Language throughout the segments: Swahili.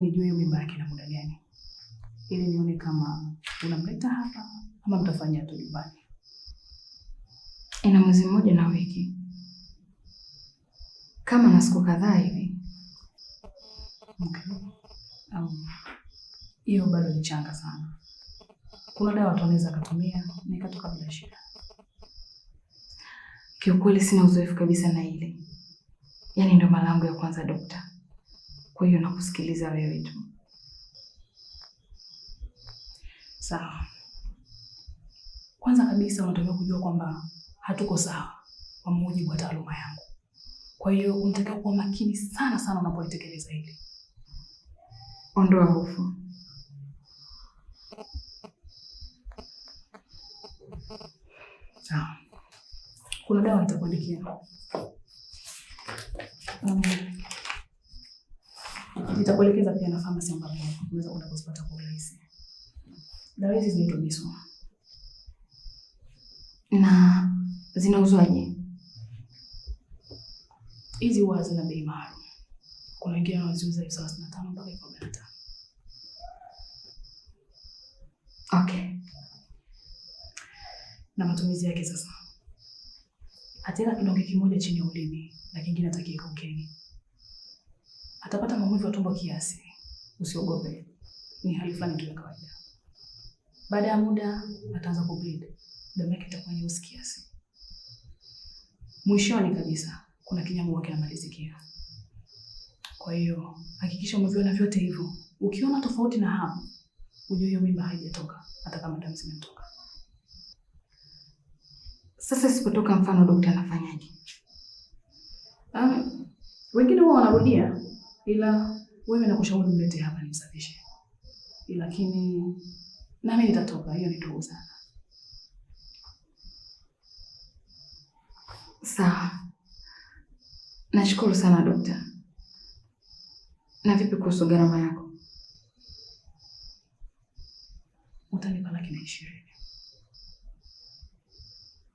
nijue hiyo mimba yake na muda gani, ili nione kama unamleta hapa ama mtafanya tu nyumbani. Ina mwezi mmoja na wiki kama na siku kadhaa hivi. Okay. Um, hiyo bado ni changa sana. Kuna dawa tunaweza akatumia nikatoka ikatoka bila shida. Kiukweli sina uzoefu kabisa na ile, yaani ndo mara yangu ya kwanza dokta. Kwa hiyo nakusikiliza wewe tu. Sawa. Kwanza kabisa unatakiwa kujua kwamba hatuko sawa kwa mujibu wa taaluma yangu. Kwa hiyo unatakiwa kuwa makini sana sana unapolitekeleza hili. Ondoa hofu. Sawa. Kuna dawa nitakuandikia. Um, Nitakuelekeza pia na famasi ambapo unaweza kwenda kuzipata kwa urahisi. Dawa hizi zinaitwa Biswa. Na zinauzwaje? Hizi huwa zina bei maalum. Kuna wengine wanaziuza elfu thelathini na tano mpaka elfu arobaini na tano. Okay. Na matumizi yake sasa, atena kidonge kimoja chini ya ulimi na kingine ukeni atapata maumivu ya tumbo kiasi. Usiogope, ni hali fulani tu ya kawaida. Baada ya muda ataanza kubleed, damu yake itakuwa nyeusi kiasi. Mwishoni kabisa kuna kinyago huwa kinamalizikia. Kwa hiyo hakikisha umeviona vyote hivyo. Ukiona tofauti na hapo, ujue hiyo mimba haijatoka, hata kama damu zimetoka. Sasa isipotoka, mfano daktari anafanyaje? Um, wengine huwa wanarudia ila wewe nakushauri mlete hapa nimsafishe, lakini nami nitatoka. Hiyo ni ndogo sana. Sawa, nashukuru sana dokta. Na vipi kuhusu gharama yako? Utanipa laki na ishirini.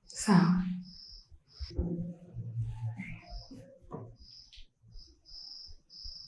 Sawa.